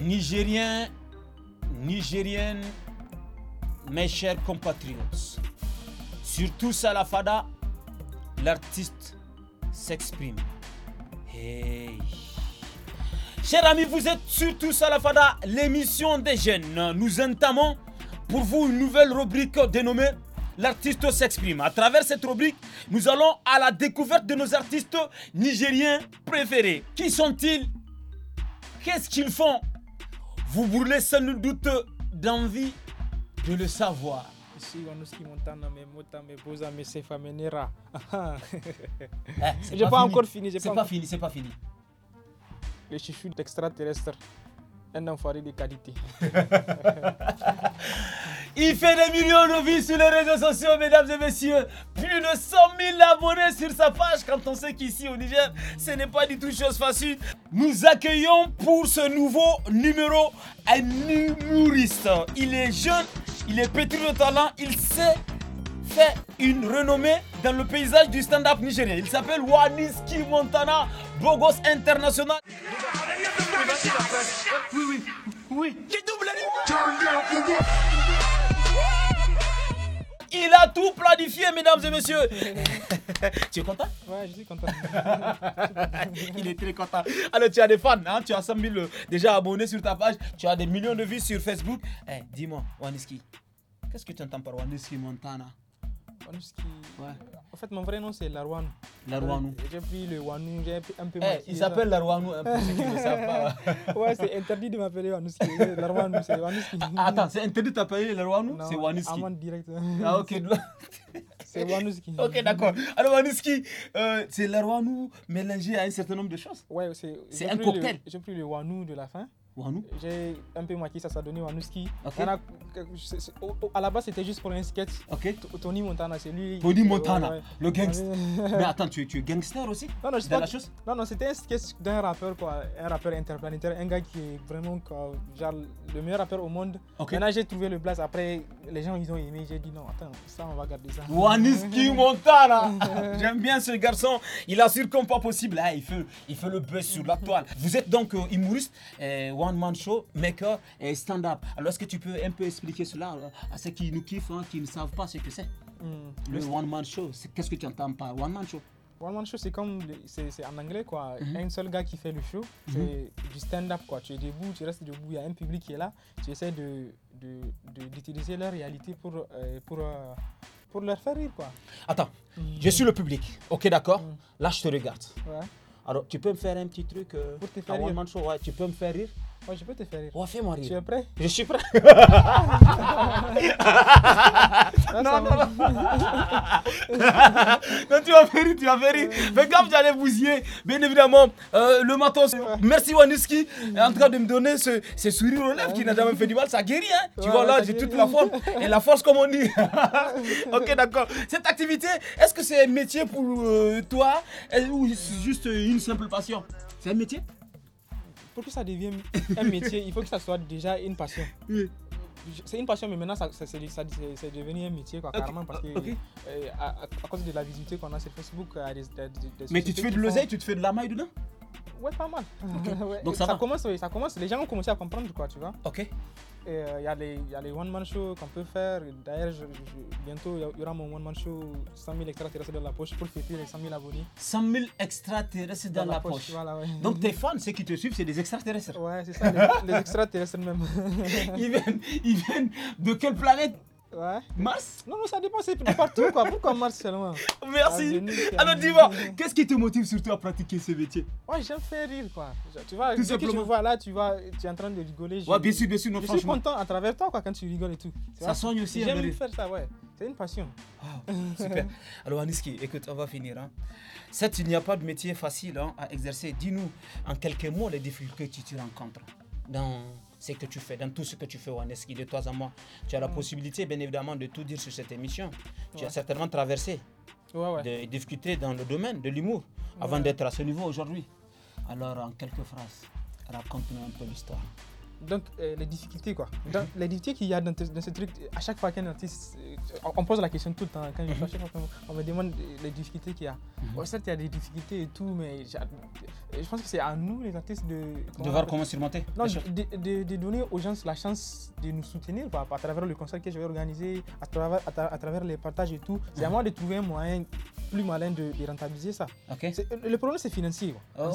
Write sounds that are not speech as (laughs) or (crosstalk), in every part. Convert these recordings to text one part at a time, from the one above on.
Nigériens, Nigériennes, mes chers compatriotes, surtout Salafada, l'artiste s'exprime. Hey. Chers amis, vous êtes surtout Salafada, l'émission des jeunes. Nous entamons pour vous une nouvelle rubrique dénommée L'artiste s'exprime. À travers cette rubrique, nous allons à la découverte de nos artistes nigériens préférés. Qui sont-ils Qu'est-ce qu'ils font vous brûlez sans doute d'envie de le savoir. c'est pas, encore fini. C'est pas, pas fini, c'est pas fini. Le chiffre extraterrestre, un enfoiré de qualité. (laughs) Il fait des millions de vies sur les réseaux sociaux, mesdames et messieurs plus 100 000 abonnés sur sa page quand on sait qu'ici au Niger, ce n'est pas du tout chose facile. Nous accueillons pour ce nouveau numéro un humoriste. Il est jeune, il est pétri de talent, il s'est fait une renommée dans le paysage du stand-up nigérien. Il s'appelle Waniski Montana, beau international. Oui, oui, oui il a tout planifié, mesdames et messieurs. (laughs) tu es content Ouais, je suis content. (laughs) il est très content. Alors, tu as des fans, hein? tu as 100 000 euh, déjà abonnés sur ta page, tu as des millions de vues sur Facebook. Eh, dis-moi, Waniski, qu'est-ce que tu entends par Waniski Montana en fait, mon vrai nom, c'est Larouanou, Larouanou. J'ai pris le Wanou, j'ai un peu. Hey, eh, il s'appelle Larouanou, un peu, ceux pas. (laughs) ouais, c'est interdit de m'appeler Wanouski. Larouanou, c'est Wanuski. Ah, attends, c'est interdit de t'appeler Larouanou, C'est Wanouski. c'est direct. Ah, ok. (laughs) c'est Wanouski. Ok, d'accord. Alors, Wanouski, euh, c'est Larouanou mélangé à un certain nombre de choses. Ouais, c'est. C'est un cocktail. J'ai pris le Wanou de la fin. J'ai un peu maquillé ça Wanouski. Okay. A, à la base, c'était juste pour un sketch. Tony Montana, c'est lui. Tony Montana, le gangster. (laughs) Mais attends, tu, es gangster aussi Non, non, la chose Non, non, c'était un sketch d'un rappeur, quoi. Un rappeur interplanétaire, un gars qui est vraiment genre, le meilleur rappeur au monde. et là j'ai trouvé le blaze Après, les gens, ils ont aimé. J'ai dit non, attends, ça, on va garder ça. Wanouski (laughs) Montana (laughs) J'aime bien ce garçon. Il assure comme pas possible. Ah, il, fait, il fait le buzz sur la toile. Vous êtes donc euh, humoriste. Euh, one-man show, maker et stand-up. Alors, est-ce que tu peux un peu expliquer cela euh, à ceux qui nous kiffent, hein, qui ne savent pas ce que c'est hmm. Le one-man show, qu'est-ce que tu entends par one-man show One Man Show, c'est comme, c'est en anglais quoi. Mm-hmm. Un seul gars qui fait le show, mm-hmm. c'est du stand-up quoi. Tu es debout, tu restes debout, il y a un public qui est là. Tu essaies de d'utiliser leur réalité pour euh, pour euh, pour leur faire rire quoi. Attends, mm-hmm. je suis le public. Ok d'accord. Là je te regarde. Alors tu peux me faire un petit truc. pour te faire One Man Show, ouais, tu peux me faire rire. Moi, je peux te faire rire. Tu es prêt Je suis prêt. non, non, non. non, tu vas faire rire, tu vas faire rire. Mais comme j'allais bousiller, bien évidemment, euh, le matos. Merci Waniski, en train de me donner ce, ce sourire aux lèvres qui n'a jamais fait du mal. Ça guérit, hein. Tu vois, là, j'ai toute la force. Et la force, comme on dit. (laughs) ok, d'accord. Cette activité, est-ce que c'est un métier pour euh, toi ou juste une simple passion C'est un métier pour que ça devienne un métier, il faut que ça soit déjà une passion. C'est une passion, mais maintenant, ça, ça c'est devenu un métier, carrément, parce que euh, à, à, cause de la visibilité qu'on a sur Facebook, Mais tu te fais de l'oseille, tu te fais de la maille dedans ouais, pas mal. (laughs) Donc ça, commence, ça commence, les gens ont commencé à comprendre, quoi, tu vois. Ok. Euh, il y, a les, les one-man shows qu'on peut faire. D'ailleurs, bientôt, il y, aura mon one-man show 100 000 extraterrestres dans la poche pour fêter les 100 000 abonnés. 100 000 extraterrestres dans, la, poche. Donc tes fans, ceux qui te suivent, c'est des extraterrestres. Ouais, c'est ça, les, les extraterrestres même. (laughs) ils, viennent, ils viennent de quelle planète Ouais. Mars Non, non, ça dépend, c'est partout quoi. Pourquoi Mars seulement Merci. Ah, Alors ah, dis-moi, qu'est-ce qui te motive surtout à pratiquer ce métier Ouais, j'aime faire rire quoi. Tu vois, tout dès que me vois là, tu vois, tu es en train de rigoler. Je, ouais, bien sûr, bien sûr, non, je suis content à travers toi quoi quand tu rigoles et tout. Ça soigne aussi. J'aime hein, faire ça, ouais. C'est une passion. Ah, super. (laughs) Alors Aniski, écoute, on va finir. Hein. Certes, il n'y a pas de métier facile hein, à exercer. Dis-nous en quelques mots les difficultés que tu rencontres dans ce que tu fais, dans tout ce que tu fais Waneski, de toi à moi. Tu as la mm. possibilité, bien évidemment, de tout dire sur cette émission. Tu as certainement traversé de ouais. dans le domaine de l'humour avant d'être à ce niveau aujourd'hui. Alors, en quelques phrases, raconte-nous un peu l'histoire donc, euh, les difficultés, quoi. les difficultés qu'il y a dans, ce truc, à chaque fois qu'un artiste. Euh, on, pose la question tout le temps. Quand je mhm. cherche, on, me demande les difficultés qu'il y a. Mhm. Oh, certes, il y a des difficultés et tout, mais je pense que c'est à nous, les artistes, de. De voir comment surmonter. Non, de, de, donner aux gens la chance de nous soutenir, à travers le concert que je vais organiser, à travers, à, travers les partages et tout. C'est à mhm. moi de trouver un moyen plus malin de, rentabiliser ça. Le problème, c'est financier. Oh,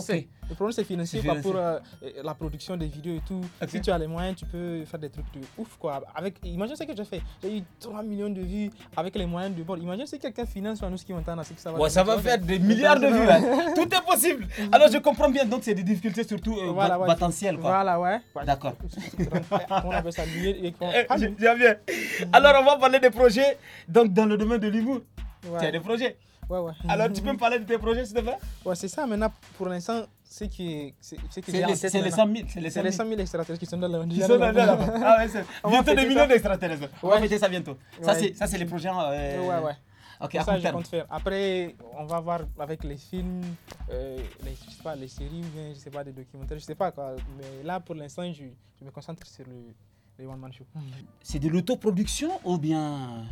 le problème, c'est financier, pour euh, la production des vidéos et tout. Si tu as les moyens, tu peux faire des trucs de ouf, quoi. Avec, imagine ce que j'ai fait. J'ai eu 3 millions de vues avec les moyens de bord. Imagine si quelqu'un finance sur nous qui est c'est que ça va. ça va faire des milliards de vues, (laughs) Tout est possible. Alors, je comprends bien. Donc, c'est des difficultés surtout potentielles, euh, Voilà, ouais. D'accord. (laughs) on appelle ça eh, bien. Alors, on va parler des projets. Donc, dans le domaine de l'humour, tu as des projets. Ouais, ouais. Alors, tu peux me parler de tes projets, s'il te plaît Ouais, c'est ça. Maintenant, pour l'instant, c'est qui C'est les 100 000. C'est les 100 000 extraterrestres qui sont dans la Qui (laughs) sont dans Ah ouais, c'est. Bientôt des millions d'extraterrestres. On va mettre ça bientôt. Ça, c'est les projets. Hein, euh, ouais, ouais. Ok. Après, on va voir avec les films, euh, les, pas, les séries je sais pas, des documentaires, je sais pas quoi. Mais là, pour l'instant, je, je, me concentre sur le, le One Man Show. C'est de l'autoproduction ou bien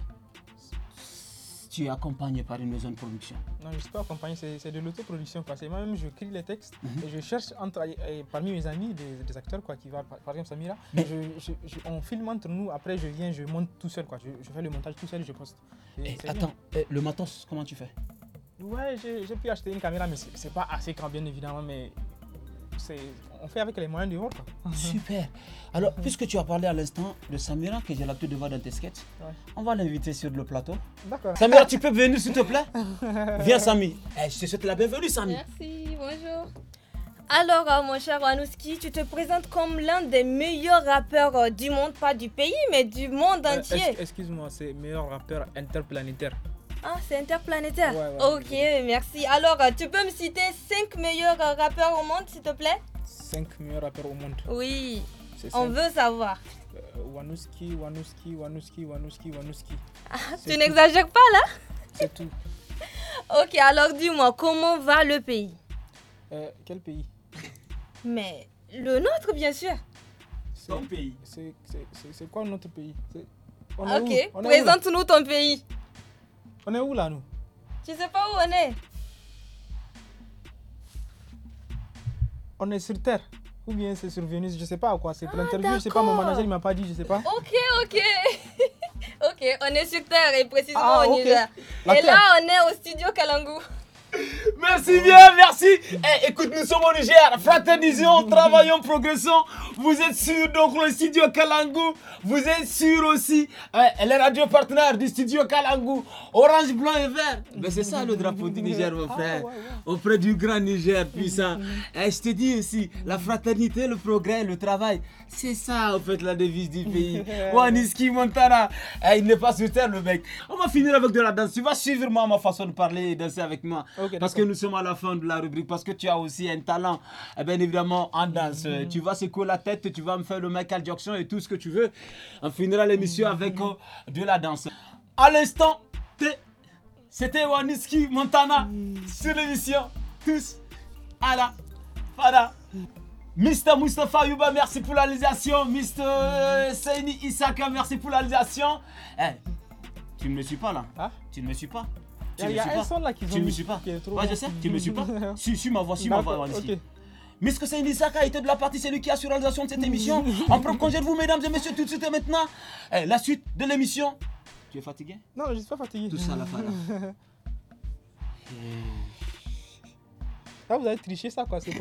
tu es accompagné par une maison de production Non, je ne suis pas accompagné, c'est de l'autoproduction. Moi-même, je crée les textes mhm. et je cherche entre, euh, parmi mes amis des, acteurs quoi, qui va, par, exemple Samira. Mhm. on filme entre nous, après je viens, je monte tout seul. Quoi. Je, fais le montage tout seul je poste. Et attends, le matos, comment tu fais Ouais, j'ai pu acheter une caméra, mais c'est pas assez quand bien évidemment, mais c'est on fait avec les moyens du monde. (laughs) Super. Alors, puisque tu as parlé à l'instant de Samira, que j'ai l'habitude de voir dans tes sketchs, on va l'inviter sur le plateau. D'accord. Samira, tu peux venir s'il te plaît (laughs) Viens, Sami. Eh, je te souhaite la bienvenue, Sami. Merci, bonjour. Alors, euh, mon cher Wanouski, tu te présentes comme l'un des meilleurs rappeurs euh, du monde, pas du pays, mais du monde euh, entier. Excuse-moi, c'est meilleur rappeur interplanétaire. Ah, c'est interplanétaire. ok, merci. Alors, tu peux me citer 5 meilleurs rappeurs au monde, s'il te plaît 5 meilleurs rappeurs au monde. Oui, on veut savoir. Wanuski, euh, Wanouski, Wanouski, Wanouski, Wanouski, ah, tu n'exagères pas là C'est tout. (laughs) ok, alors dis-moi, comment va le pays euh, Quel pays Mais le nôtre, bien sûr. Ton pays. C'est quoi notre pays Ok, présente-nous ton pays. On est où là, nous tu sais pas où on est. on est sur terre. Ou bien c'est sur Vénus, je sais pas quoi. C'est pour ah, l'interview, je sais pas, mon manager il m'a pas dit, je sais pas. Ok, ok. (laughs) ok, on est sur terre et précisément ah, on est là. Et là, on est au studio Kalangu. Merci bien, merci. Eh, écoute, nous sommes au Niger. Fraternisons, travaillons, progressons. Vous êtes sûrs, donc le studio Kalangu. Vous êtes sûrs aussi eh, les radios partenaire du studio Kalangu. Orange, blanc et vert. Mais c'est ça le drapeau du Niger, mon ah, frère. Auprès du grand Niger puissant. Eh, je te dis aussi, la fraternité, le progrès, le travail. C'est ça, en fait, la devise du pays. (laughs) Waniski Montana. Eh, il n'est pas sur terre, le mec. On va finir avec de la danse. Tu vas suivre moi, ma façon de parler et danser avec moi. Parce que nous sommes à la fin de la rubrique parce que tu as aussi un talent, et eh bien évidemment, en danse. Mhm. Tu vas secouer la tête, tu vas me faire le Michael Jackson et tout ce que tu veux. On finira l'émission mhm. avec euh, de la danse. À l'instant, c'était Waniski Montana mhm. sur l'émission. Tous à la fada. Mr. Mustafa Yuba, merci pour la réalisation. Mr. Euh, Seini Isaka, merci pour la eh, tu ne me suis pas là. Ah. Tu ne me suis pas. Il y a un son là qui Tu me suis pas. je sais, tu me suis pas. Suis, (laughs) ma voix, suis ma voix, ici. c'est, Saint a été de la partie, c'est lui qui a la réalisation de cette émission. (laughs) On prend congé de vous, mesdames et messieurs, tout de suite et maintenant. Eh, la suite de l'émission. Tu es fatigué Non, je ne suis pas fatigué. Tout ça à la fin. (laughs) Là, vous avez triché ça, quoi, c'est